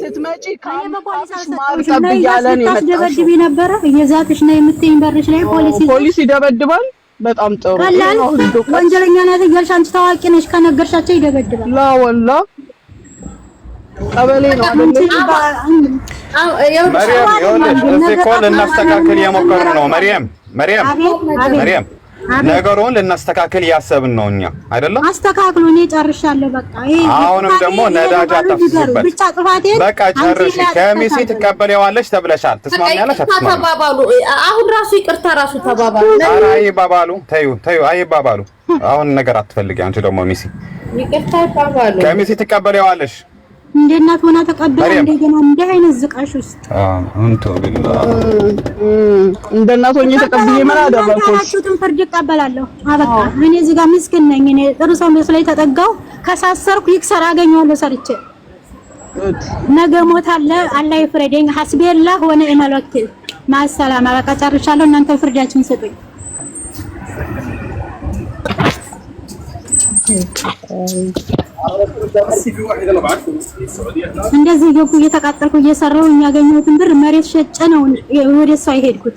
ስትመጪ ታስደበድቢ ነበረ። እየዛትሽ ነው የምትይኝ በርሽ ላይ ፖሊስ ፖሊስ ይደበድባል። በጣም ጥሩ ቀላል ወንጀለኛ ናት እያልሽ አንቺ ታዋቂ ነሽ፣ ከነገርሻቸው ይደበድባል። ላ ወላ ቀበሌ ነው አይደል? እዚህ እኮ ልናስተካክል እየሞከርን ነው። መርያም መርያም መርያም ነገሩን ልናስተካክል እያሰብን ነው እኛ አይደለም። አስተካክሉ። እኔ ጨርሻለሁ። በቃ ይሄ አሁንም ደግሞ ነዳጅ አታፍሱበት። ብቻ ጥፋቴ በቃ ጨርሽ። ከሚሲ ትቀበለዋለች ተብለሻል። ትስማሚያለሽ? ተባባሉ። አሁን ራሱ ይቅርታ ራሱ ተባባሉ። አይ አይባባሉ። ተዩ፣ ተዩ፣ አይባባሉ። አሁን ነገር አትፈልጊ አንቺ ደግሞ ሚሲ ይቅርታ ይባባሉ። ከሚሲ ትቀበለዋለሽ እንደ እናት ሆና ተቀበለ። እንደገና እንደ አይነት ዝቃሽ ውስጥ እንደ እናት ሆኜ ተቀብዬ ምን አደረኩሽ? ፍርድ እቀበላለሁ። አበቃ። እኔ እዚህ ጋር ምስኪን ነኝ። እኔ ጥሩ ሰው መስሎኝ ተጠጋው። ከሳሰርኩ ይክሰር አገኘዋለሁ ሰርቼ ነገ ሞት አለ ይፍረደኝ። ሐስቤላ ወነ ወኪል ማሰላማ። በቃ ጨርሻለሁ። እናንተ ፍርዳችሁን ስጡኝ። እንደዚህ እየተቃጠልኩ እየሰራሁ የሚያገኘሁትን ብር መሬት ሸጬ ነው ወደ እሷ የሄድኩት።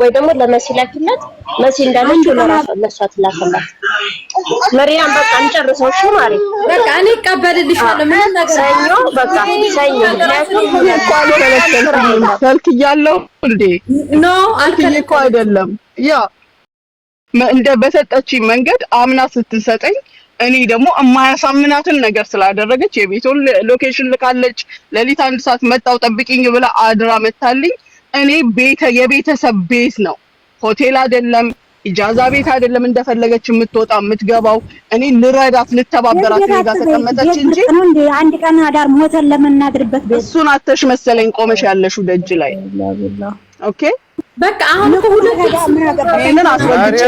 ወይ ደግሞ ለመሲ ላኪለት። መሲ እንዳለችው ለራሷ ለሷ ትላከላት። መሪያም በቃ እንጨርሰው። እሺ ማሪ በቃ እኔ እቀበልልሻለሁ። ምንም ነገር ሰኞ በቃ ሰኞ ሰልክ እያለው እንዴ ኖ አልከልኩ አይደለም ያ እንደ በሰጠችኝ መንገድ አምና ስትሰጠኝ እኔ ደግሞ የማያሳምናትን ነገር ስላደረገች የቤቱን ሎኬሽን ልካለች። ሌሊት አንድ ሰዓት መጣው ጠብቂኝ ብላ አድራ መታልኝ። እኔ ቤተ የቤተሰብ ቤት ነው። ሆቴል አይደለም፣ ኢጃዛ ቤት አይደለም። እንደፈለገች የምትወጣ የምትገባው እኔ ልረዳት ልተባበራት እኔ ጋር ተቀመጠች እንጂ አንድ ቀን አዳር ሞተን ለምናድርበት ቤት እሱን አተሽ መሰለኝ ቆመሽ ያለሽው ደጅ ላይ ኦኬ። በቃ አሁን እኮ ሁለት ይሄንን አስረግጬ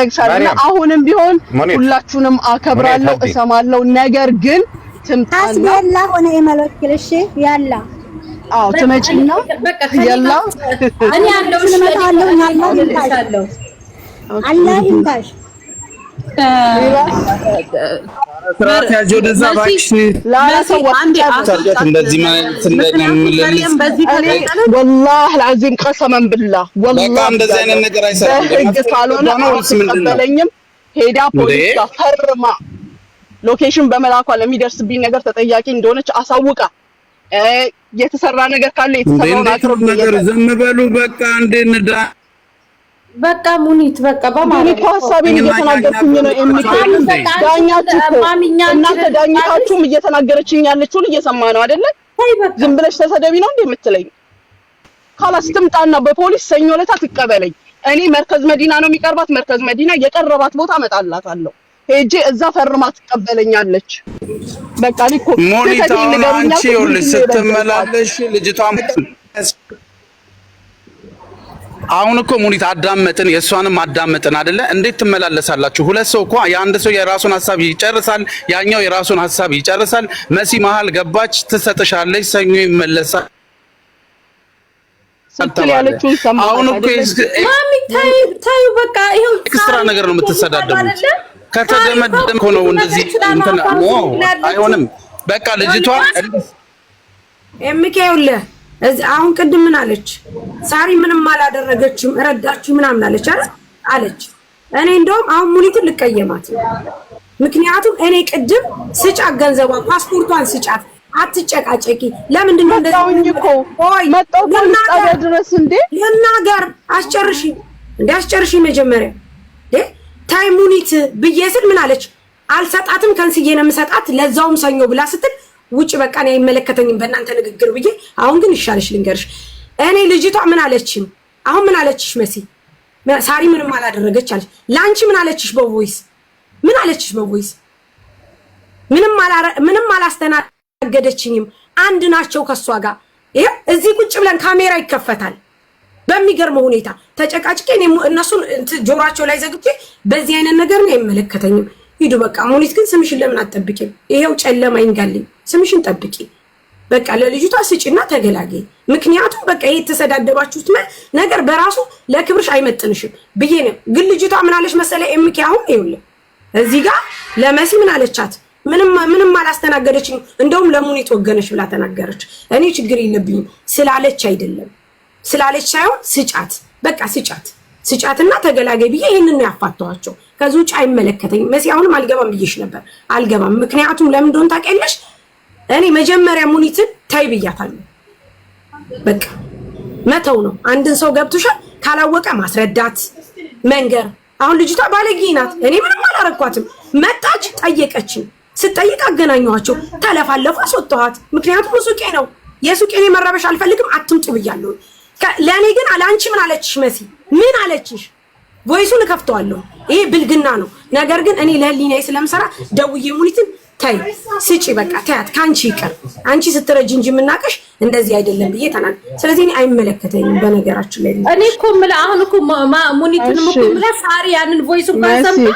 ነግርሻለሁ። አሁንም ቢሆን ሁላችሁንም አከብራለሁ፣ እሰማለሁ። ነገር ግን ትምጣና ያላ ሆነ የመለክልሽ ያላ አዎ ትመጪና ያላ እኔ ያለሁሽ እመጣለሁ። ያለው አላህ ይንካሽ። ወላሂ አልዓዚም ሄዳ ፖሊስ ፈርማ ሎኬሽን በመላኳ ለሚደርስብኝ ነገር ተጠያቂ እንደሆነች አሳውቃ የተሰራ ነገር ካለ የተሰራ ነገር ዝም በሉ። በቃ እንዴ ንዳ በቃ ሙኒት በቃ በማለት ሀሳቤን እየተናገርኩኝ ነው። የሚከኝ እናንተ ዳኛችሁም እየተናገረችኝ ያለችውን እየሰማ ነው አይደለ? ዝም ብለሽ ተሰደቢ ነው እንዴ የምትለኝ? ካላስ ትምጣና በፖሊስ ሰኞ ለታ ትቀበለኝ። እኔ መርከዝ መዲና ነው የሚቀርባት። መርከዝ መዲና የቀረባት ቦታ እመጣላታለሁ። ሄጄ እዛ ፈርማ ትቀበለኛለች። በቃ ሊኮ ሞኒታውን አንቺ ይኸውልሽ ስትመላለሽ ልጅቷ አሁን እኮ ሙኒት አዳመጥን፣ የእሷንም አዳመጥን አይደለ? እንዴት ትመላለሳላችሁ? ሁለት ሰው እኮ የአንድ ሰው የራሱን ሀሳብ ይጨርሳል፣ ያኛው የራሱን ሀሳብ ይጨርሳል። መሲ መሀል ገባች፣ ትሰጥሻለች፣ ሰኞ ይመለሳል። አሁን እኮ ታዩ፣ በቃ ኤክስትራ ነገር ነው የምትሰዳደሙት። ከተደመደም ሆኖ እንደዚህ እንትን አይሆንም። በቃ ልጅቷ ኤምኬ ይኸውልህ፣ አሁን ቅድም ምን አለች? ሳሪ ምንም አላደረገችም እረዳችሁ ምናምን አለች አለች። እኔ እንደውም አሁን ሙኒትን ልቀየማት፣ ምክንያቱም እኔ ቅድም ስጫት ገንዘቧን ፓስፖርቷን ስጫት፣ አትጨቃጨቂ። ለምንድን ነው እንደዚህ እኮ መጣው ድረስ እንዴ ልናገር፣ አስጨርሺ፣ እንዴ አስጨርሺ መጀመሪያ ታይሙኒት ብዬ ስል ምን አለች? አልሰጣትም ከንስዬ ነው የምሰጣት ለዛውም ሰኞ ብላ ስትል ውጭ በቃ እኔ አይመለከተኝም በእናንተ ንግግር ብዬ። አሁን ግን ይሻለሽ ልንገርሽ፣ እኔ ልጅቷ ምን አለችም? አሁን ምን አለችሽ መሲ? ሳሪ ምንም አላደረገች አለች። ለአንቺ ምን አለችሽ? በቮይስ ምን አለችሽ? በቮይስ ምንም አላስተናገደችኝም። አንድ ናቸው ከእሷ ጋር። ይሄ እዚህ ቁጭ ብለን ካሜራ ይከፈታል በሚገርመው ሁኔታ ተጨቃጭቄ እነሱን ጆሯቸው ላይ ዘግቼ በዚህ አይነት ነገር አይመለከተኝም። ሂዱ በቃ። ሙኒት ግን ስምሽን ለምን አትጠብቂም? ይሄው ጨለማ ይንጋልኝ። ስምሽን ጠብቂ በቃ ለልጅቷ ስጭና ተገላገይ። ምክንያቱም በቃ ይሄ የተሰዳደባችሁት ነገር በራሱ ለክብርሽ አይመጥንሽም ብዬ ነው። ግን ልጅቷ ምን አለች መሰለ ኤምኬ አሁን ይኸውልህ እዚህ ጋር ለመሲ ምን አለቻት? ምንም አላስተናገደችኝ፣ እንደውም ለሙኒት ወገነች ብላ ተናገረች። እኔ ችግር የለብኝም ስላለች አይደለም ስላለች ሳይሆን ስጫት፣ በቃ ስጫት፣ ስጫትና ተገላገይ ብዬ ይህንን ነው ያፋተዋቸው። ከዚ ውጭ አይመለከተኝም። መሲ አሁንም አልገባም ብዬሽ ነበር፣ አልገባም። ምክንያቱም ለምን እንደሆነ ታውቂያለሽ። እኔ መጀመሪያ ሙኒትን ታይ ብያታለሁ። በቃ መተው ነው። አንድን ሰው ገብቶሻል ካላወቀ ማስረዳት መንገር። አሁን ልጅቷ ባለጌ ናት። እኔ ምንም አላረኳትም። መጣች፣ ጠየቀችኝ። ስጠይቅ አገናኘኋቸው፣ ተለፋለፉ፣ አስወጣኋት። ምክንያቱም ሱቄ ነው የሱቄን የመረበሽ አልፈልግም። አትምጡ ብያለሁ። ለእኔ ግን ለአንቺ ምን አለችሽ? መሲ ምን አለችሽ? ቮይሱን እከፍተዋለሁ። ይሄ ብልግና ነው። ነገር ግን እኔ ለህሊናዬ ስለምሰራ ደውዬ ሙኒትን ታይ ስጪ፣ በቃ ታያት፣ ከአንቺ ይቀር። አንቺ ስትረጅ እንጂ የምናቀሽ እንደዚህ አይደለም ብዬ ተናል። ስለዚህ እኔ አይመለከተኝም። በነገራችን ላይ እኔ እኮ የምልህ አሁን እኮ ሙኒትን እኮ የምልህ ሳሪ ያንን ቮይሱን ካሰማ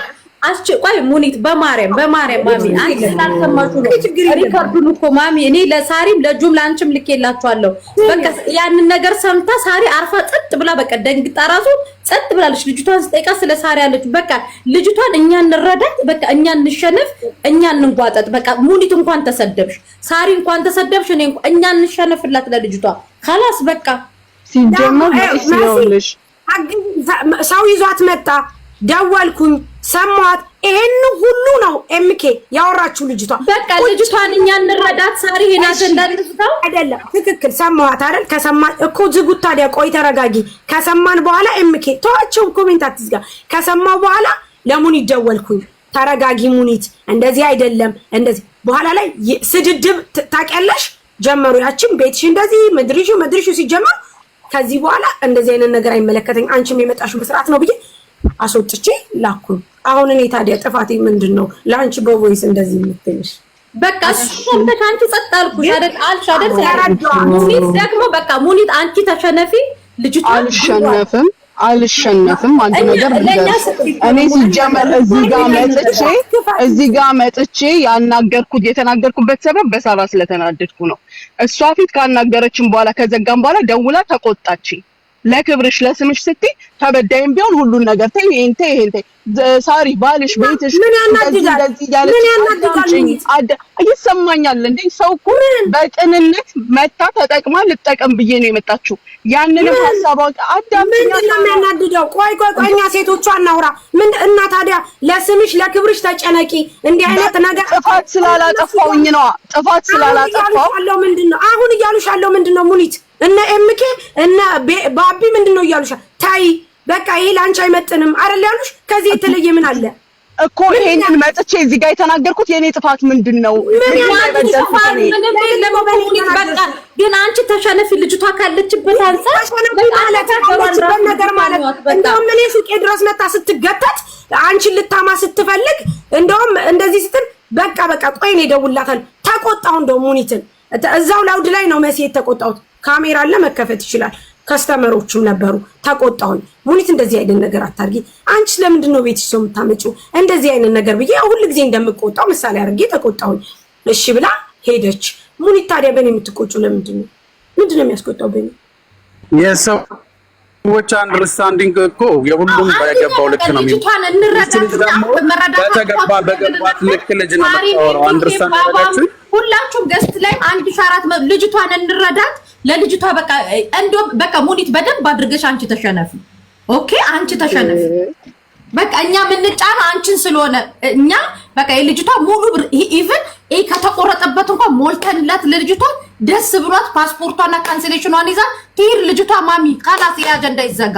አስቸ ቆይ ሙኒት በማርያም በማርያም ማሚ አንቺ ስላልሰማችሁ ነው። ሪከርዱን እኮ ማሚ እኔ ለሳሪም ለጁም ለአንቺም ልኬላችኋለሁ። በቃ ያንን ነገር ሰምታ ሳሪ አርፋ ጸጥ ብላ በቃ ደንግጣ ራሱ ጸጥ ብላለች። ልጅቷን ስጠይቃ ስለ ሳሪ አለች። በቃ ልጅቷን እኛ እንረዳት፣ በቃ እኛ እንሸነፍ፣ እኛ እንንጓጠጥ። በቃ ሙኒት እንኳን ተሰደብሽ፣ ሳሪ እንኳን ተሰደብሽ፣ እኔ እኛ እንሸነፍላት ለልጅቷ ካላስ በቃ ሲጀመር ሰው ይዟት መጣ፣ ደወልኩኝ ሰማት። ይሄን ሁሉ ነው ኤምኬ ያወራችሁ ልጅቷ። በቃ ልጅቷን እኛ እንረዳት። ሳሪ ሄና ዘንዳልፍታው አይደለም ትክክል። ሰማት አይደል? ከሰማን እኮ ዝጉት። ታዲያ ቆይ ተረጋጊ። ከሰማን በኋላ ኤምኬ ተዋቸው። ኮሜንት አትዝጋ። ከሰማው በኋላ ተረጋጊ ሙኒት፣ እንደዚህ አይደለም እንደዚህ። በኋላ ላይ ስድድብ ታውቂያለሽ ጀመሩ። ያችን ቤትሽ እንደዚህ ምድሪሹ ምድሪሹ ሲጀመር ከዚህ በኋላ እንደዚህ አይነት ነገር አይመለከተኝ አንቺም የመጣሽው በስርዓት ነው ብዬ አስወጥቼ ላኩ። አሁን እኔ ታዲያ ጥፋቴ ምንድን ነው? ለአንቺ በቮይስ እንደዚህ የምትልሽ በቃ እሱ ሰምተሽ አንቺ ጸጥ አልኩሽ አይደል አልሽ አይደል? ሙኒት ደግሞ በቃ ሙኒት አንቺ ተሸነፊ ልጅቷ አልሸነፍም አልሸነፍም አንድ ነገር ልደርስ እኔ ሲጀመር እዚህ ጋር መጥቼ እዚህ ጋር መጥቼ ያናገርኩት የተናገርኩበት ሰበብ በሳራ ስለተናደድኩ ነው። እሷ ፊት ካናገረችን በኋላ ከዘጋም በኋላ ደውላ ተቆጣችኝ። ለክብርሽ ለስምሽ ስትይ ተበዳይም ቢሆን ሁሉን ነገር ተይ፣ ይሄን ተይ፣ ይሄን ተይ፣ ሳሪ ባልሽ፣ ቤትሽ ምን ያናድዳል? ምን ያናድዳል? ይሰማኛል እንዴ ሰው እኮ በቅንነት መታ ተጠቅማ ልጠቀም ብዬ ነው የመጣችው። ያንንም ሐሳብ አውጣ አዳም ምን የሚያናድደው? ቆይ ቆይ ቆይ፣ እኛ ሴቶቹ አናውራ ምን እና ታዲያ ለስምሽ ለክብርሽ ተጨነቂ። እንዲህ አይነት ነገር ጥፋት ስላላጠፋውኝ ነው ጥፋት ስላላጠፋው ምንድነው አሁን እያሉሽ ያለው ምንድነው ሙኒት እነ ኤምኬ እነ ባቢ ምንድን ነው እያሉሻ? ታይ በቃ ይሄ ለአንቺ አይመጥንም አይደል ያሉሽ? ከዚህ የተለየ ምን አለ እኮ? ይሄንን መጥቼ እዚህ ጋር የተናገርኩት የኔ ጥፋት ምንድን ነው? ግን አንቺ ተሸነፊ። ልጅቷ ካለችበት አንፃር ነገር ማለት እንደውም እኔ ሱቄ ድረስ መታ ስትገተት አንቺን ልታማ ስትፈልግ እንደውም እንደዚህ ስትል በቃ በቃ ቆይ እኔ እደውልላታለሁ። ተቆጣሁ። እንደውም ሙኒትን እዛው ላውድ ላይ ነው መሲ የተቆጣሁት። ካሜራ አለ መከፈት ይችላል። ከስተመሮቹም ነበሩ። ተቆጣሁኝ። ሙኒት እንደዚህ አይነት ነገር አታርጊ፣ አንቺ ለምንድን ነው ቤትሽ ሰው የምታመጪው? እንደዚህ አይነት ነገር ብዬ ሁል ጊዜ እንደምቆጣው ምሳሌ አድርጌ ተቆጣሁኝ። እሺ ብላ ሄደች። ሙኒት ታዲያ በእኔ የምትቆጩ ለምንድን ነው? ምንድን ነው የሚያስቆጣው በእኔ የሰው ሰዎች አንደርስታንዲንግ እኮ የሁሉም በገባው ልክ ነው የሚሆነው። በገባት ልክ ልጅ ነው የምታወራው። አንደርስታንድ ሁላችሁም ገስት ላይ አንድ ሻራት ልጅቷን እንረዳት ለልጅቷ በቃ እንደውም በቃ ሙኒት በደንብ አድርገሽ አንቺ ተሸነፊ። ኦኬ አንቺ ተሸነፊ። በቃ እኛ የምንጫን አንቺን ስለሆነ እኛ በቃ የልጅቷ ሙሉ ብር ኢቭን ይሄ ከተቆረጠበት እንኳን ሞልተንላት ለልጅቷ ደስ ብሏት ፓስፖርቷና ካንስሌሽኗን ይዛ ትሄድ ልጅቷ። ማሚ ካላስ ይሄ አጀንዳ ይዘጋ።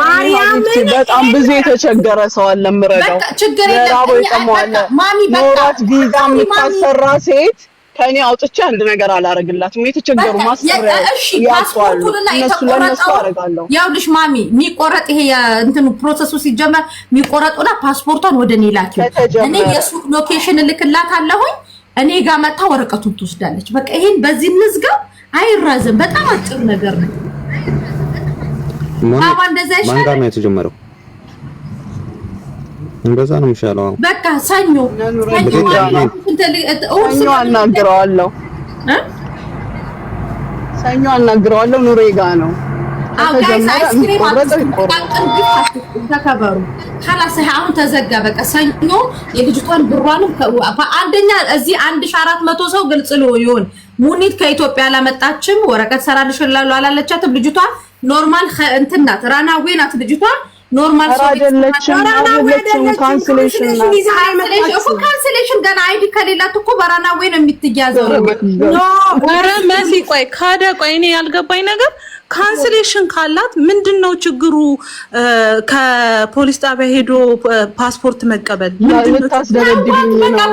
ማርያምን በጣም ብዙ የተቸገረ ሰው አለ። ምረዳው ችግር የለም ማሚ በቃ ቪዛ የምታሰራ ሴት ከእኔ አውጥቼ አንድ ነገር አላረግላትም። የተቸገሩ ማስሪያ ያጥዋሉ አረጋለሁ። ያውልሽ ማሚ የሚቆረጥ ይሄ እንትኑ ፕሮሰሱ ሲጀመር የሚቆረጡና ፓስፖርቷን ወደ እኔ ላኪ። እኔ የሱቅ ሎኬሽን አለሁኝ። እኔ ጋር መታ ወረቀቱን ትወስዳለች። በቃ ይሄን በዚህ ምዝጋብ አይራዘም። በጣም አጭር ነገር ነው። ማማ እንደዛ ይሻላል። ማን ጋር ነው የተጀመረው? እንደዛ ነው የሚሻለው። በቃ ሰኞ ሰኞ አናግረዋለሁ እ ሰኞ አናግረዋለሁ ኑሬ ጋ ነው። አዎ ጋይስ አይስክሪም ተከበሩ። ሀላስ አሁን ተዘጋ። በቃ ሰኞ የልጅቷን ብሯንም አንደኛ እዚህ አንድ ሺህ አራት መቶ ሰው ግልጽ ይሆን ሙኒት ከኢትዮጵያ አላመጣችም። ወረቀት ሰራልሽ ላሉ አላለቻትም። ልጅቷ ኖርማል እንትን ናት፣ ራናዌ ናት ልጅቷ ኖርማል ሰው ካንስሌሽን ገና አይዲ ከሌላት እኮ በራናዌ ነው የምትያዘው። ኧረ መሲ ቆይ ካደ ቆይ እኔ ያልገባኝ ነገር ካንስሌሽን ካላት ምንድን ነው ችግሩ? ከፖሊስ ጣቢያ ሄዶ ፓስፖርት መቀበል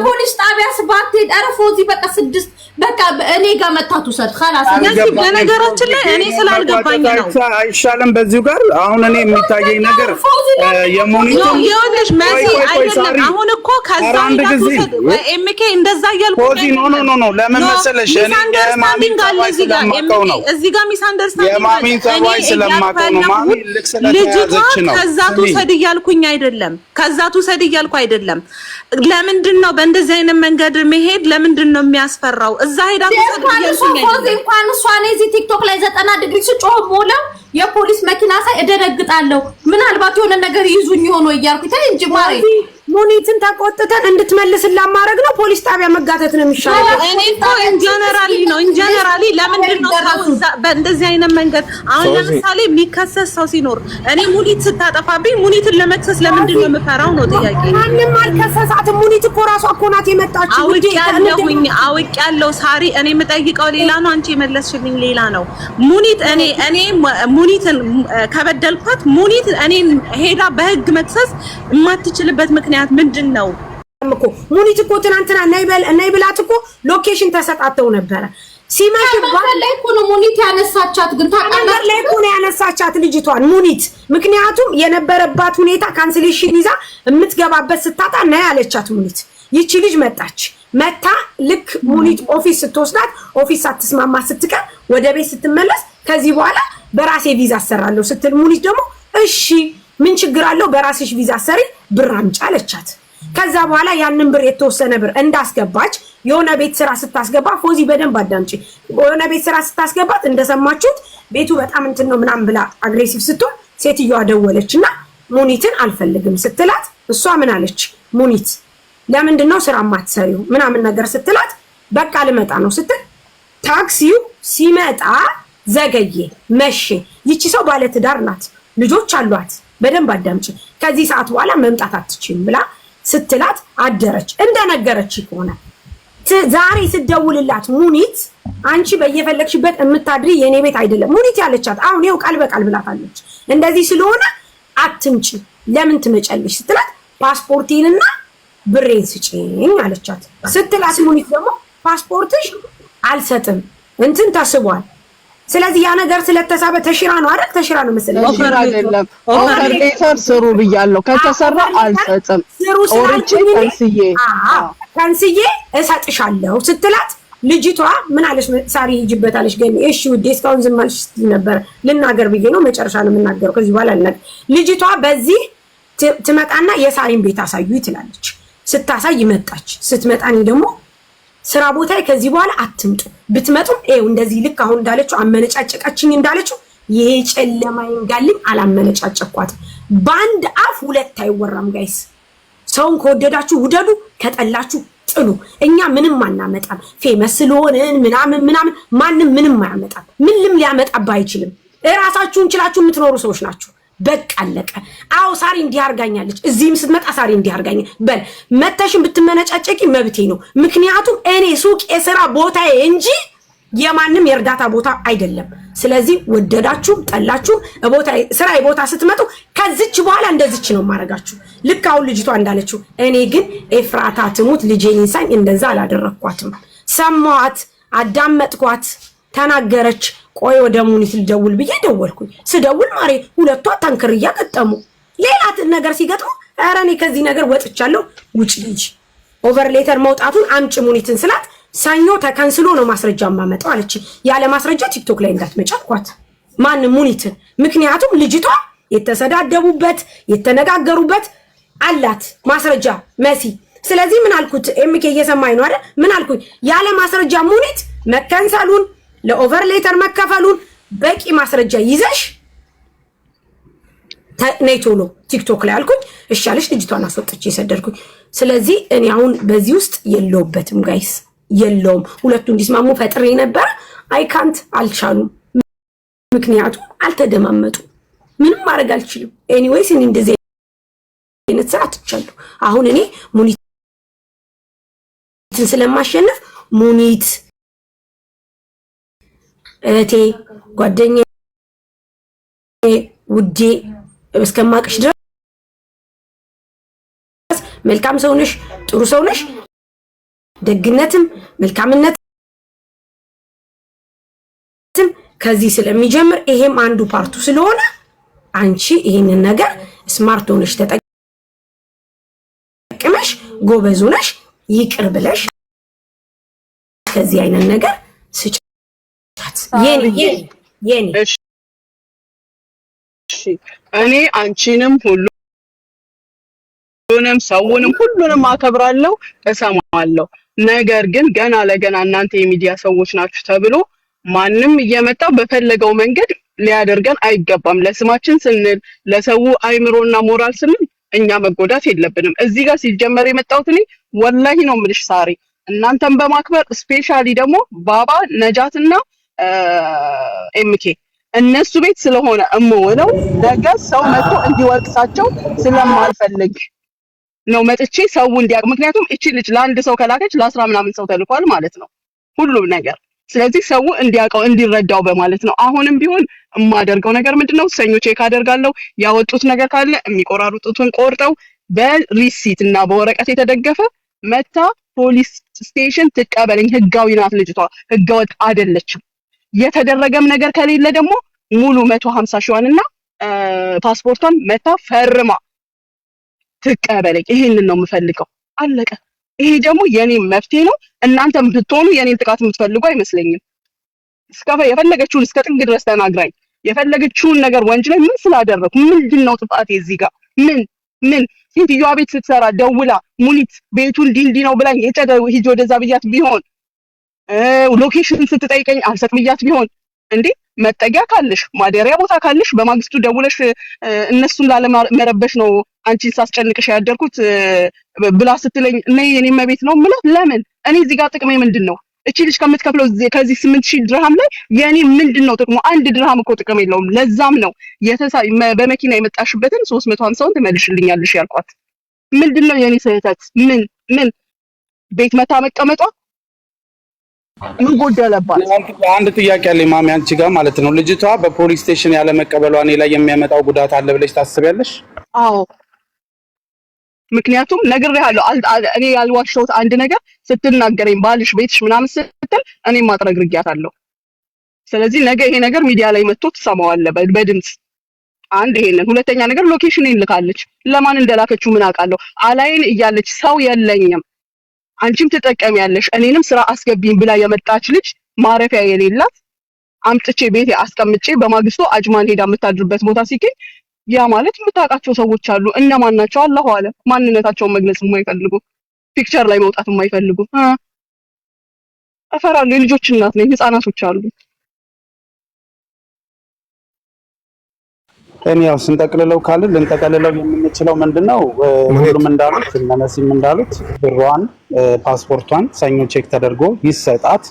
ፖሊስ ጣቢያ ስባት ጠረፎ እዚህ በቃ ስድስት በቃ እኔ ጋር መታቱ ሰት በነገራችን ላይ እኔ ስላልገባኝ ነው። አይሻልም በዚሁ ጋር አሁን እኔ የሚታየኝ ነገር የሞኒቶይሆነች መሲ አይደለም። አሁን እኮ ከዛ ኤምኬ እንደዛ እያልኩ ኖ ኖ ኖ ለምን መሰለሽ ሚስ አንደርስታንዲንግ አለ እዚህ ጋር ሚስ አንደርስታንዲንግ ማሚን ጸባይ ስለማውቀው ነው። ማሚ ልክ ስለተያዘች ነው። ከዛ ትውሰድ እያልኩኝ አይደለም። ከዛ ትውሰድ እያልኩ አይደለም። ለምንድን ነው በእንደዚህ አይነት መንገድ መሄድ? ለምንድን ነው የሚያስፈራው? እዛ ሄዳ እንኳን እሷ ነው እዚህ ቲክቶክ ላይ ዘጠና ዲግሪ ስጮህ ሞላው የፖሊስ መኪና ሳይ እደነግጣለሁ። ምናልባት የሆነ ነገር ይዙኝ ሆኖ እያልኩኝ ተይ እንጂ ማሪ ሙኒትን ተቆጥተን እንድትመልስላት ማድረግ ነው። ፖሊስ ጣቢያ መጋተት ነው የሚሻለው። እኔ እኮ ኢንጀነራሊ ነው ኢንጀነራሊ። ለምንድን ነው በእንደዚህ አይነት መንገድ አሁን ለምሳሌ የሚከሰስ ሰው ሲኖር እኔ ሙኒት ስታጠፋብኝ ሙኒትን ለመክሰስ ለምንድን ነው የምፈራው ነው ጥያቄ። ማንም አልከሰሳትም። ሙኒት እኮ ራሷ እኮ ናት የመጣችው። አውቄያለሁኝ አውቄያለሁ። ሳሪ እኔ የምጠይቀው ሌላ ነው፣ አንቺ የመለስሽልኝ ሌላ ነው። ሙኒት እኔ እኔ ሙኒትን ከበደልኳት ሙኒት እኔ ሄዳ በህግ መክሰስ የማትችልበት ምክንያት ምክንያት ምንድን ነው? እኮ ሙኒት እኮ ትናንትና ነይ ብላት እኮ ሎኬሽን ተሰጣተው ነበረ። ሲመሽ ላይ እኮ ነው ሙኒት ያነሳቻት፣ ግን ታውቃለህ ላይ እኮ ነው ያነሳቻት ልጅቷን ሙኒት። ምክንያቱም የነበረባት ሁኔታ ካንስሌሽን ይዛ የምትገባበት ስታጣ ነው ያለቻት ሙኒት። ይቺ ልጅ መጣች መታ ልክ ሙኒት ኦፊስ ስትወስዳት ኦፊስ ሳትስማማ ስትቀር ወደ ቤት ስትመለስ ከዚህ በኋላ በራሴ ቪዛ አሰራለሁ ስትል ሙኒት ደግሞ እሺ ምን ችግር አለው? በራስሽ ቪዛ ሰሪ ብር አምጪ አለቻት። ከዛ በኋላ ያንን ብር የተወሰነ ብር እንዳስገባች የሆነ ቤት ስራ ስታስገባ፣ ፎዚ በደንብ አዳምጪ። የሆነ ቤት ስራ ስታስገባት እንደሰማችሁት ቤቱ በጣም እንትን ነው ምናምን ብላ አግሬሲቭ ስትሆን ሴትዮዋ ደወለች እና ሙኒትን አልፈልግም ስትላት፣ እሷ ምን አለች? ሙኒት ለምንድን ነው ስራ ማትሰሪው ምናምን ነገር ስትላት፣ በቃ ልመጣ ነው ስትል ታክሲው ሲመጣ ዘገየ፣ መሸ። ይቺ ሰው ባለትዳር ናት፣ ልጆች አሏት። በደንብ አዳምጪ፣ ከዚህ ሰዓት በኋላ መምጣት አትችልም ብላ ስትላት አደረች። እንደነገረች ከሆነ ዛሬ ስደውልላት ሙኒት አንቺ በየፈለግሽበት የምታድሪ የእኔ ቤት አይደለም ሙኒት ያለቻት። አሁን ይኸው ቃል በቃል ብላታለች። እንደዚህ ስለሆነ አትምጪ፣ ለምን ትመጫለሽ ስትላት ፓስፖርቴንና ብሬን ስጪኝ አለቻት። ስትላት ሙኒት ደግሞ ፓስፖርትሽ አልሰጥም እንትን ተስቧል ስለዚህ ያ ነገር ስለተሳበ ተሽራ ነው አይደል? ተሽራ ነው መሰለኝ። ኦፈር አይደለም ኦፈር ሌተር ስሩ ብያለሁ። ከተሰራ አልሰጥም። ስሩ ስራች ቀንስዬ ቀንስዬ እሰጥሻለሁ ስትላት ልጅቷ ምን አለሽ? ሳሪ ሂጂበት አለች። ገኒ እሺ ውዴ እስካሁን ዝም አልሽ ስትል ነበር። ልናገር ብዬ ነው መጨረሻ ነው የምናገረው። ከዚህ በኋላ ልናገር። ልጅቷ በዚህ ትመጣና የሳሪን ቤት አሳዩ ትላለች። ስታሳይ መጣች። ስትመጣ እኔ ደግሞ ስራ ቦታ ከዚህ በኋላ አትምጡ። ብትመጡም ይኸው እንደዚህ ልክ አሁን እንዳለችው አመነጫጨቃችኝ እንዳለችው ይሄ ጨለማ ይንጋልኝ። አላመነጫጨኳትም። በአንድ አፍ ሁለት አይወራም ጋይስ። ሰውን ከወደዳችሁ ውደዱ፣ ከጠላችሁ ጥሉ። እኛ ምንም አናመጣም። ፌመስ ስለሆንን ምናምን ምናምን ማንም ምንም አያመጣም። ምንም ሊያመጣባ አይችልም። እራሳችሁን ችላችሁ የምትኖሩ ሰዎች ናችሁ። በቃ አለቀ። አዎ ሳሪ እንዲህ አድርጋኛለች፣ እዚህም ስትመጣ ሳሪ እንዲህ አድርጋኛ በል። መተሽን ብትመነጫጨቂ መብቴ ነው። ምክንያቱም እኔ ሱቅ የስራ ቦታ እንጂ የማንም የእርዳታ ቦታ አይደለም። ስለዚህ ወደዳችሁ ጠላችሁ፣ ስራ ቦታ ስትመጡ ከዚች በኋላ እንደዚች ነው ማረጋችሁ። ልክ አሁን ልጅቷ እንዳለችው እኔ ግን ኤፍራታ ትሙት ልጄን ይንሳኝ እንደዛ አላደረግኳትም። ሰማኋት፣ አዳመጥኳት፣ ተናገረች ቆይ ወደ ሙኒት ልደውል ብዬ ደወልኩኝ። ስደውል ማሬ ሁለቷ ታንክርያ ገጠሙ። ሌላ ነገር ሲገጥሙ ኧረ እኔ ከዚህ ነገር ወጥቻለሁ፣ ውጭ እንጂ ኦቨርሌተር መውጣቱን አምጪ ሙኒትን ስላት ሰኞ ተከንስሎ ነው ማስረጃ ማመጣው አለች። ያለ ማስረጃ ቲክቶክ ላይ እንዳትመጪ አልኳት። ማንም ሙኒትን ምክንያቱም ልጅቷ የተሰዳደቡበት የተነጋገሩበት አላት ማስረጃ መሲ። ስለዚህ ምን አልኩት? ኤምኬ እየሰማኝ ነው አይደል? ምን አልኩኝ? ያለ ማስረጃ ሙኒት መከንሰሉን ለኦቨር ሌተር መከፈሉን በቂ ማስረጃ ይዘሽ ነይ ቶሎ ቲክቶክ ላይ አልኩኝ። እሻለሽ ልጅቷን አስወጥቼ የሰደድኩኝ። ስለዚህ እኔ አሁን በዚህ ውስጥ የለውበትም ጋይስ፣ የለውም። ሁለቱ እንዲስማሙ ፈጥሬ ነበረ። አይካንት አልቻሉም፣ ምክንያቱም አልተደማመጡ። ምንም ማድረግ አልችልም። ኤኒዌይስ እኔ እንደዚህ አይነት ስራ ትቻለሁ። አሁን እኔ ሙኒትን ስለማሸነፍ ሙኒት እህቴ፣ ጓደኛ፣ ውዴ እስከማቅሽ ድረስ መልካም ሰውነሽ፣ ጥሩ ሰውነሽ። ደግነትም መልካምነትም ከዚህ ስለሚጀምር ይሄም አንዱ ፓርቱ ስለሆነ አንቺ ይህንን ነገር ስማርት ሆነሽ ተጠቅመሽ ጎበዝ ሆነሽ ይቅር ብለሽ ከዚህ አይነት ነገር ስጭ ናት እኔ አንቺንም ሁሉንም ሰውንም ሁሉንም አከብራለሁ፣ እሰማለሁ። ነገር ግን ገና ለገና እናንተ የሚዲያ ሰዎች ናችሁ ተብሎ ማንም እየመጣ በፈለገው መንገድ ሊያደርገን አይገባም። ለስማችን ስንል ለሰው አይምሮና ሞራል ስንል እኛ መጎዳት የለብንም። እዚህ ጋር ሲጀመር የመጣሁት እኔ ወላሂ ነው የምልሽ ሳሪ እናንተን በማክበር ስፔሻሊ ደግሞ ባባ ነጃትና ኤምኬ እነሱ ቤት ስለሆነ እምውለው ነገ ሰው መጥቶ እንዲወቅሳቸው ስለማልፈልግ ነው መጥቼ ሰው እንዲያውቅ። ምክንያቱም እቺ ልጅ ለአንድ ሰው ከላከች ለአስራ ምናምን ሰው ተልኳል ማለት ነው ሁሉም ነገር። ስለዚህ ሰው እንዲያውቀው እንዲረዳው በማለት ነው። አሁንም ቢሆን የማደርገው ነገር ምንድን ነው? ሰኞ ቼክ አደርጋለሁ። ያወጡት ነገር ካለ የሚቆራርጡትን ቆርጠው በሪሲት እና በወረቀት የተደገፈ መታ ፖሊስ ስቴሽን ትቀበለኝ። ህጋዊ ናት ልጅቷ፣ ህገወጥ አይደለችም። የተደረገም ነገር ከሌለ ደግሞ ሙሉ መቶ ሀምሳ ሺዋን እና ፓስፖርቷን መታ ፈርማ ትቀበለኝ። ይህንን ነው የምፈልገው። አለቀ። ይሄ ደግሞ የኔ መፍትሄ ነው። እናንተም ብትሆኑ የኔን ጥቃት የምትፈልጉ አይመስለኝም። የፈለገችውን እስከ ጥግ ድረስ ተናግራኝ የፈለገችውን ነገር ወንጅ ላይ ምን ስላደረኩ ምንድን ነው ጥፋቴ? እዚህ ጋር ምን ምን ሴትዮዋ ቤት ስትሰራ ደውላ ሙኒት ቤቱን ዲልዲ ነው ብላኝ ሂጅ ወደዛ ብያት ቢሆን ሎኬሽን ስትጠይቀኝ አልሰጥምያት ቢሆን እንዴ መጠጊያ ካለሽ ማደሪያ ቦታ ካለሽ በማግስቱ ደውለሽ እነሱን ላለመረበሽ ነው አንቺን ሳስጨንቅሽ ያደርኩት ብላ ስትለኝ እነ የኔም ቤት ነው ምላት። ለምን እኔ እዚህ ጋር ጥቅሜ ምንድን ነው? እቺ ልጅ ከምትከፍለው ከዚህ ስምንት ሺህ ድርሃም ላይ የእኔ ምንድን ነው ጥቅሙ? አንድ ድርሃም እኮ ጥቅም የለውም። ለዛም ነው በመኪና የመጣሽበትን ሶስት መቶ ሀምሳውን ትመልሽልኛለሽ ያልኳት። ምንድን ነው የእኔ ስህተት? ምን ምን ቤት መታ መቀመጧ ምን ጎደለባት? አንድ ጥያቄ አለ ማሚ፣ አንቺ ጋር ማለት ነው። ልጅቷ በፖሊስ ስቴሽን ያለ መቀበሏ እኔ ላይ የሚያመጣው ጉዳት አለ ብለሽ ታስቢያለሽ? አዎ፣ ምክንያቱም ነግሬሃለሁ። እኔ ያልዋሸሁት አንድ ነገር ስትናገረኝ ባልሽ ቤትሽ ምናምን ስትል እኔ ማጥረግርጊያታለሁ። ስለዚህ ነገ ይሄ ነገር ሚዲያ ላይ መጥቶ ትሰማዋለህ በድምጽ አንድ ይሄንን። ሁለተኛ ነገር ሎኬሽን ይልካለች። ለማን እንደላከችው ምን አውቃለሁ? አላይን እያለች ሰው የለኝም አንቺም ትጠቀሚያለሽ እኔንም ስራ አስገቢኝ ብላ የመጣች ልጅ ማረፊያ የሌላት አምጥቼ ቤቴ አስቀምጬ በማግስቱ አጅማን ሄዳ የምታድርበት ቦታ ሲገኝ ያ ማለት የምታውቃቸው ሰዎች አሉ። እነማን ናቸው? አላሁ አለ ማንነታቸውን መግለጽ የማይፈልጉ ፒክቸር ላይ መውጣት የማይፈልጉ እፈራለሁ። የልጆች እናት ነኝ። ህፃናቶች አሉ። እኔ ያው ስንጠቅልለው ካለ ልንጠቀልለው የምንችለው ምንድን ነው፣ ሁሉም እንዳሉት መነሲም እንዳሉት ብሯን፣ ፓስፖርቷን ሰኞ ቼክ ተደርጎ ይሰጣት።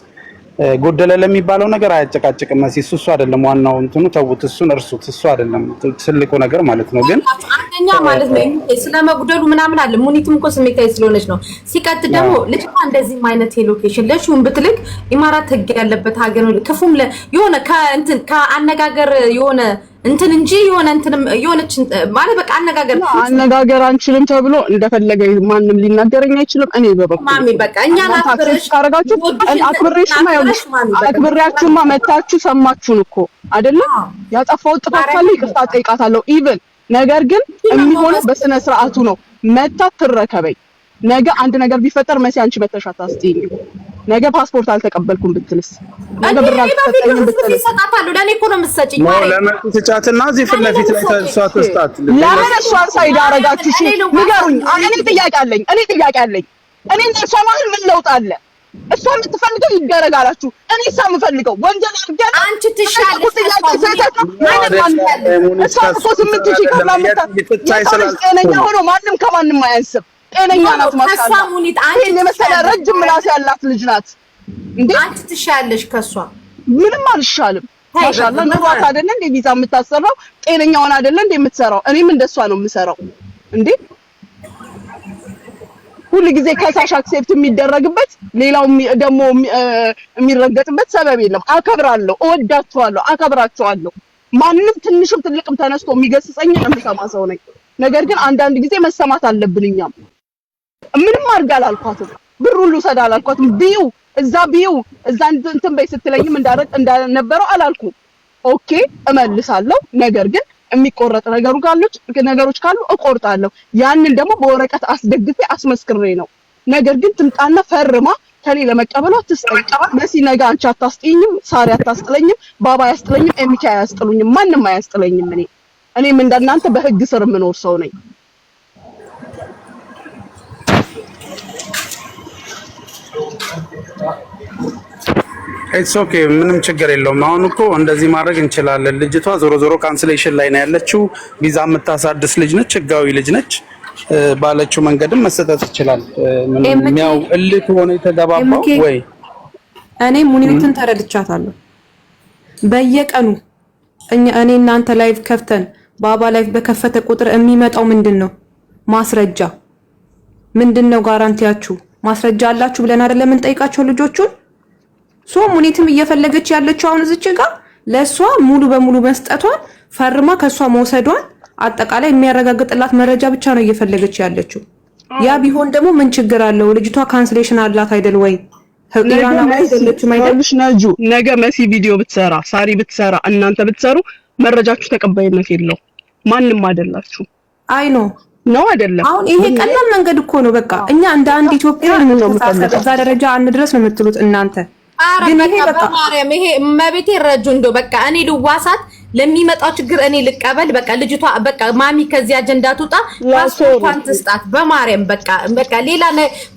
ጎደለ ለሚባለው ነገር አያጨቃጭቅም። መሲ እሱ እሱ አይደለም ዋናው እንትኑ፣ ተውት፣ እሱን እርሱት። እሱ አይደለም ትልቁ ነገር ማለት ነው። ግን አንደኛ ማለት ነው ስለመጉደሉ ምናምን አለ። ሙኒትም እኮ ስሜታዊ ስለሆነች ነው። ሲቀጥ ደግሞ ልጅ እንደዚህም አይነት የሎኬሽን ለሹም ብትልክ ኢማራት ህግ ያለበት ሀገር ክፉም የሆነ ከእንትን ከአነጋገር የሆነ እንትን እንጂ የሆነ እንትን የሆነች ማለት በቃ አነጋገር አነጋገር አንችልም ተብሎ እንደፈለገ ማንም ሊናገረኝ አይችልም። እኔ በበኩል ማሚ በቃ እኛ አክብሬሽ ካረጋችሁ አክብሬሽ ማየው አክብሬያችሁማ መታችሁ ሰማችሁን እኮ አይደለም ያጠፋሁት ጥፋት ካለ ይቅርታ ጠይቃታለሁ። ኢቭን ነገር ግን የሚሆነው በስነ ስርዓቱ ነው። መታ ትረከበኝ ነገ አንድ ነገር ቢፈጠር መሲ አንቺ መተሻት አታስጪኝም። ነገ ፓስፖርት አልተቀበልኩም ብትልስ? ነገ ብራ ተጠቅም ብትልስ? ለኔ እኮ ነው የምትሰጪኝ። ትጫትና እዚህ ፊት ለፊት ላይ ተሷ ተስጣት። ለምን እሷ ሳይድ አረጋችሁ? እሺ ንገሩኝ። እኔ ጥያቄ አለኝ። እኔ ጥያቄ አለኝ። እኔ እና እሷ መሀል ምን ለውጥ አለ? እሷ የምትፈልገው ይደረግ አላችሁ። እኔ እሷ የምፈልገው ወንጀል አድርገን አንቺ ትሻለሽ። እሷ እኮ ስምንት ሺህ ከፍላ ምታ ጤነኛ ሆኖ ማንም ከማንም አያንስም። ጤነኛ ናት። የመሰለ ረጅም ምላስ ያላት ልጅ ናት አንቺ ትሻለሽ ምንም አልሻልም። ኑሯት አይደለ እንዴ ቪዛ የምታሰራው ጤነኛውን አይደለ እንዴ የምትሰራው? እኔም እንደሷ ነው የምሰራው እንዴ ሁል ጊዜ ከሳሽ አክሴፕት የሚደረግበት ሌላው ደግሞ የሚረገጥበት ሰበብ የለም። አከብራለሁ፣ እወዳቸዋለሁ፣ አከብራቸዋለሁ። ማንም ትንሽም ትልቅም ተነስቶ የሚገስጸኝ የምሰማ ሰው ነኝ። ነገር ግን አንዳንድ ጊዜ መሰማት አለብን እኛም ምንም አድርግ አላልኳትም። ብር ሁሉ ሰዳ አላልኳትም። ቢዩ እዛ ቢዩ እዛ እንትን በይ ስትለኝም እንዳረቅ እንዳነበረው አላልኩ። ኦኬ እመልሳለሁ። ነገር ግን የሚቆረጥ ነገሩ ካሉች ነገሮች ካሉ እቆርጣለሁ። ያንን ደግሞ በወረቀት አስደግፌ አስመስክሬ ነው። ነገር ግን ትምጣና ፈርማ ከኔ ለመቀበሏ አትስጠኝ። መሲ ነገ አንቺ አታስጥኝም፣ ሳሪ አታስጥለኝም፣ ባባ አያስጥለኝም፣ ኤሚካ አያስጥሉኝም፣ ማንም አያስጥለኝም። እኔ እኔም እንደናንተ በህግ ስር የምኖር ሰው ነኝ። ኢትስ ኦኬ ምንም ችግር የለውም። አሁን እኮ እንደዚህ ማድረግ እንችላለን። ልጅቷ ዞሮ ዞሮ ካንስሌሽን ላይ ነው ያለችው። ቪዛ የምታሳድስ ልጅ ነች፣ ህጋዊ ልጅ ነች። ባለችው መንገድም መሰጠት ይችላል። ያው እልህ ከሆነ የተገባባው ወይ እኔ ሙኒትን ተረድቻታለሁ። በየቀኑ እኛ እኔ እናንተ ላይቭ ከፍተን በአባ ላይቭ በከፈተ ቁጥር የሚመጣው ምንድን ነው ማስረጃ ምንድን ነው ጋራንቲያችሁ ማስረጃ አላችሁ ብለን አይደለም እንጠይቃቸው ልጆቹን። ሶ ሙኒትም እየፈለገች ያለችው አሁን እዚች ጋር ለእሷ ሙሉ በሙሉ መስጠቷን ፈርማ ከእሷ መውሰዷን አጠቃላይ የሚያረጋግጥላት መረጃ ብቻ ነው እየፈለገች ያለችው። ያ ቢሆን ደግሞ ምን ችግር አለው? ልጅቷ ካንስሌሽን አላት አይደል ወይ? ነጁ ነገ መሲ ቪዲዮ ብትሰራ፣ ሳሪ ብትሰራ፣ እናንተ ብትሰሩ መረጃችሁ ተቀባይነት የለው። ማንም አይደላችሁ። አይ ነው ነው አይደለም። አሁን ይሄ ቀላል መንገድ እኮ ነው። በቃ እኛ እንደ አንድ ኢትዮጵያ እዛ ደረጃ አንድረስ ነው የምትሉት እናንተ። ማርያም ይሄ እመቤቴ ረጁ እንደው በቃ እኔ ልዋሳት ለሚመጣው ችግር እኔ ልቀበል። በቃ ልጅቷ በቃ ማሚ ከዚህ አጀንዳ ትውጣ፣ ፓስፖርቷን ትስጣት። በማርያም በቃ በቃ ሌላ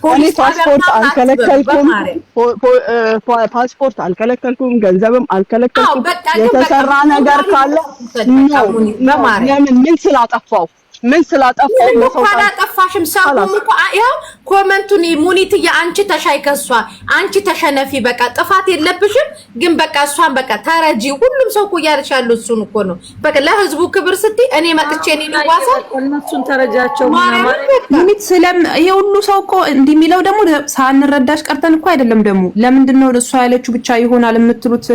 ፖሊስ ፓስፖርት አልከለከልኩም፣ ፓስፖርት አልከለከልኩም፣ ገንዘብም አልከለከልኩም። የተሰራ ነገር ካለ ነው። ለምን ምን ስላጠፋው ምን ስላጠፋው ነው ሰው አላጠፋሽም። ሰውም እኮ ይኸው ኮመንቱን ሙኒትዬ፣ አንቺ ተሻይ ከሷ አንቺ ተሸነፊ፣ በቃ ጥፋት የለብሽም። ግን በቃ እሷን በቃ ተረጂ። ሁሉም ሰው እኮ እያለች ያለው እሱን እኮ ነው። በቃ ለህዝቡ ክብር ስትይ እኔ መጥቼ እኔ ልዋሳ እነሱን ተረጃቸው ሙኒት። ስለም ይሄ ሁሉ ሰው እኮ እንዲህ የሚለው ደግሞ ሳንረዳሽ ቀርተን እኮ አይደለም። ደግሞ ለምንድን ነው እሷ ያለችው ብቻ ይሆናል የምትሉት?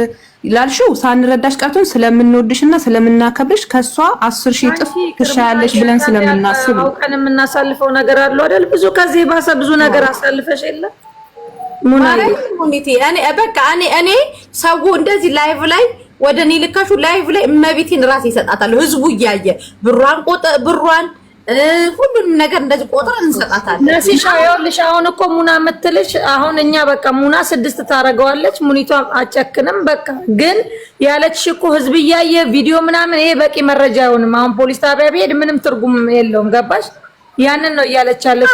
ላልሽው ሳንረዳሽ ቀርቶን ስለምንወድሽና ስለምናከብርሽ ከሷ አስር ሺህ ጥፍ ትሻያለሽ ብለን ስለምናስብ አውቀን የምናሳልፈው ነገር አለ አይደል? ብዙ ከዚህ ባሰ ብዙ ነገር አሳልፈሽ የለ በቃ እኔ እኔ ሰው እንደዚህ ላይቭ ላይ ወደ እኔ ልካሹ ላይቭ ላይ እመቤቴን ራሴ ይሰጣታለሁ። ህዝቡ እያየ ብሯን ቆጠ ብሯን ሁሉንም ነገር እንደዚህ ቆጥር እንሰጣታለን። ነሲሻ ይኸውልሽ፣ አሁን እኮ ሙና የምትልሽ አሁን እኛ በቃ ሙና ስድስት ታደርገዋለች። ሙኒቷ አጨክንም በቃ ግን ያለችሽ እኮ ህዝብ እያየ ቪዲዮ ምናምን፣ ይሄ በቂ መረጃ አይሆንም። አሁን ፖሊስ ጣቢያ ብሄድ ምንም ትርጉም የለውም። ገባሽ? ያንን ነው እያለቻለች።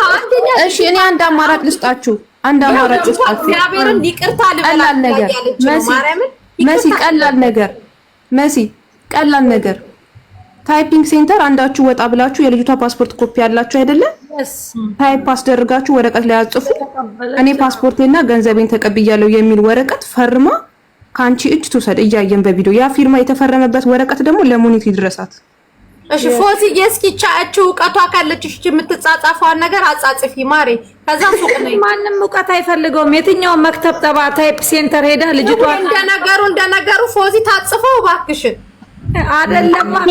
እሺ እኔ አንድ አማራጭ ልስጣችሁ፣ አንድ አማራጭ ልስጣችሁ። እግዚአብሔርን ይቅርታ ልበላ ነገር መሲ፣ ቀላል ነገር መሲ፣ ቀላል ነገር ታይፒንግ ሴንተር አንዳችሁ ወጣ ብላችሁ የልጅቷ ፓስፖርት ኮፒ አላችሁ አይደለ? ታይፕ አስደርጋችሁ ወረቀት ላይ አጽፉ። እኔ ፓስፖርቴና ገንዘቤን ተቀብያለሁ የሚል ወረቀት ፈርማ ከአንቺ እጅ ትውሰድ። እያየን በቪዲዮ ያ ፊርማ የተፈረመበት ወረቀት ደግሞ ለሙኒት ይድረሳት። እሺ ፎሲ የስኪ ቻቹ እውቀቷ እሺ፣ የምትጻጻፈዋን ነገር አጻጽፊ ማሬ። ከዛ ሱቅ ነኝ። ማንም እውቀት አይፈልገውም። የትኛው መክተብ ጠባ ታይፕ ሴንተር ሄደ ልጅቷ እንደነገሩ እንደነገሩ ፎዚ ታጽፈው እባክሽን አይጠይቅም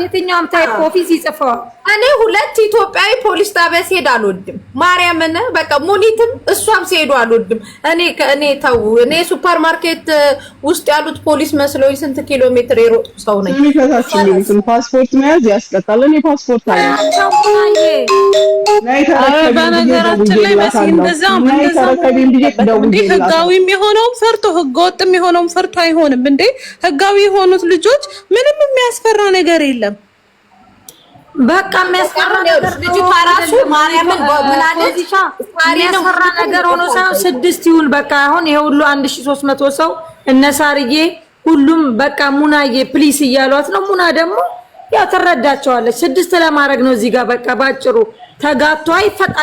የትኛውም ታይፕ ኦፊስ ይጽፈዋል። እኔ ሁለት ኢትዮጵያዊ ፖሊስ ጣቢያ ሲሄድ አልወድም። ማርያምን በቃ ሙኒትም እሷም ሲሄዱ አልወድም። እኔ እኔ ተው እኔ ሱፐር ማርኬት ውስጥ ያሉት ፖሊስ መስለውኝ ስንት ኪሎ ሜትር የሮጥኩ ሰው ነኝ። ፓስፖርት መያዝ ያስቀጣል። እኔ ፓስፖርት አለ። በነገራችን ላይ መሲ እንደዛም ፈርቶ ህገወጥ የሚሆነውም ፈርቶ አይሆንም እንዴ ህጋዊ የሆኑት ልጆች ምንም የሚያስ የሚያስፈራ ነገር የለም። በቃ የሚያስፈራ ነገር ልጅቷ ራሱ ማርያምን ምናለች? የሚያስፈራ ነገር ሆኖ ሳይሆን ስድስት ይሁን በቃ አሁን ይሄ ሁሉ አንድ ሺ ሶስት መቶ ሰው እነ ሳርዬ ሁሉም በቃ ሙናዬ ፕሊስ እያሏት ነው። ሙና ደግሞ ያው ትረዳቸዋለች። ስድስት ለማድረግ ነው እዚህ ጋር በቃ ባጭሩ ተጋብቶ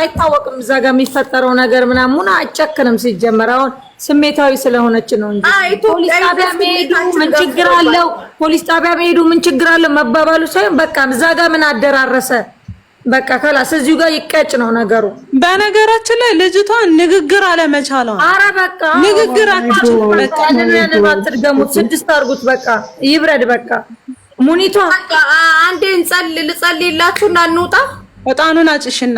አይታወቅም። እዛ ጋር የሚፈጠረው ነገር ምናምን አጨክንም። ሲጀመር አሁን ስሜታዊ ስለሆነች ነው እንጂ ፖሊስ ጣቢያ መሄዱ ምን ችግር አለው? ፖሊስ ጣቢያ መሄዱ ምን ችግር አለው መባባሉ ሳይሆን በቃ እዛ ጋር ምን አደራረሰ በቃ ከላስ እዚሁ ጋር ይቀጭ ነው ነገሩ። በነገራችን ላይ ልጅቷ ንግግር አለመቻሏ፣ አረ በቃ ንግግር አትችልም። ስድስት አድርጉት። በቃ ይብረድ። በቃ ሙኒቷ አንዴ ልጸልይላችሁና እንውጣ። እጣኑን አጭሽና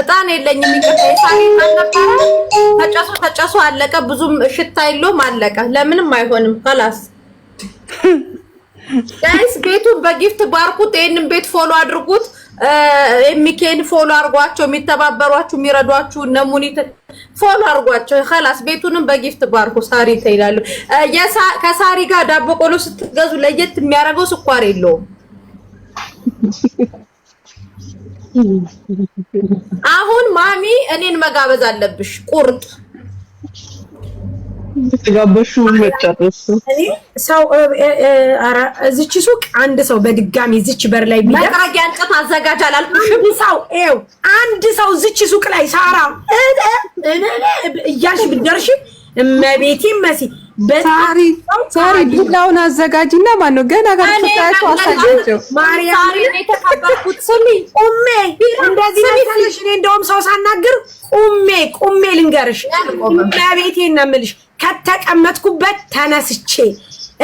እጣን የለኝም የሚቀጣ ነበረ። አለቀ። ብዙም ሽታ የለውም አለቀ። ለምንም አይሆንም። ከላስ ጋይስ ቤቱን በጊፍት ባርኩት። ይህንን ቤት ፎሎ አድርጉት። የሚኬን ፎሎ አድርጓቸው። የሚተባበሯችሁ የሚረዷችሁ ነሙኒት ፎሎ አድርጓቸው። ከላስ ቤቱንም በጊፍት ባርኩ። ሳሪ ተይላሉ። ከሳሪ ጋር ዳቦ ቆሎ ስትገዙ ለየት የሚያደርገው ስኳር የለውም። አሁን ማሚ እኔን መጋበዝ አለብሽ። ቁርጥ ተጋበሹ መጨረስ ሰው እዚች ሱቅ አንድ ሰው በድጋሚ እዚች በር ላይ ቢያ መጥረጊያ እንጨት አዘጋጅ አላልኩሽም? ሰው ኤው አንድ ሰው እዚች ሱቅ ላይ ሳራ እኔ እያልሽ ብደርሽ እመቤቴ መሲ ሳሪ ሳሪ ዱላውን አዘጋጅና ማን ነው ገና ጋር ተጣጣው አሳጀቸው ማርያም ሳሪ ስሚ ቁሜ እንደዚህ ነው ነሽ። እኔ እንደውም ሰው ሳናግር ቁሜ ቁሜ ልንገርሽ ቤቴ እናምልሽ ከተቀመጥኩበት ተነስቼ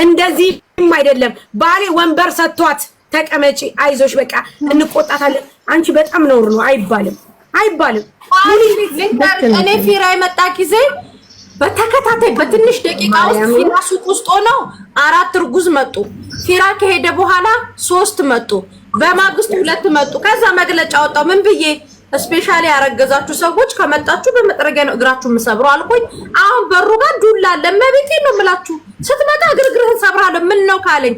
እንደዚህም አይደለም ባሌ ወንበር ሰጥቷት ተቀመጪ፣ አይዞሽ በቃ እንቆጣታለን። አንቺ በጣም ነውር ነው አይባልም፣ አይባልም። እኔ ፊራ የመጣ ጊዜ በተከታታይ በትንሽ ደቂቃ ውስጥ ፊራ ሱቅ ውስጥ ሆነው አራት እርጉዝ መጡ። ፊራ ከሄደ በኋላ ሶስት መጡ። በማግስት ሁለት መጡ። ከዛ መግለጫ ወጣው ምን ብዬ ስፔሻሊ ያረገዛችሁ ሰዎች ከመጣችሁ በመጥረጊያ ነው እግራችሁ የምሰብረው አልኩኝ። አሁን በሩ ጋር ዱላ አለ። መቤቴ ነው የምላችሁ። ስትመጣ እግርግርህን ሰብራለሁ። ምን ነው ካለኝ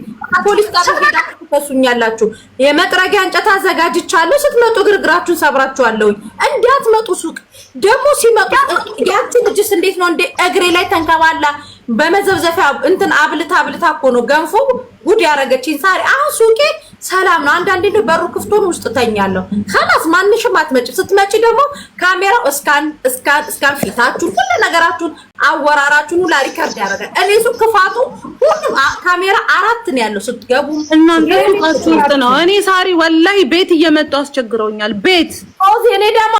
ፖሊስ ጣቢያ ሄዳችሁ ትከሱኛላችሁ። የመጥረጊያ እንጨት አዘጋጅቻለሁ። ስትመጡ እግርግራችሁን ሰብራችኋለሁኝ። እንዳትመጡ ሱቅ ደግሞ ሲመጡ ያችን ልጅስ እንዴት ነው እንደ እግሬ ላይ ተንከባላ በመዘብዘፊያ እንትን አብልታ አብልታ እኮ ነው ገንፎ ጉድ ያደረገችኝ ሳሪ። አሁን ሱቄ ሰላም ነው። አንዳንዴ እንደው በሩ ክፍቱን ውስጥ ተኛለሁ። ከላስ ማንሽም አትመጭም። ስትመጪ ደግሞ ካሜራው እስካን እስካን እስካን ፊታችሁን፣ ሁሉ ነገራችሁን፣ አወራራችሁን ሁላ ሪከርድ ያደርጋል። እኔ ሱቅ ክፋቱ ሁሉም ካሜራ አራት ነው ያለው ስትገቡ እና ቤት ነው። እኔ ሳሪ ወላሂ ቤት እየመጡ አስቸግረውኛል። ቤት ኦዚ እኔ ደግሞ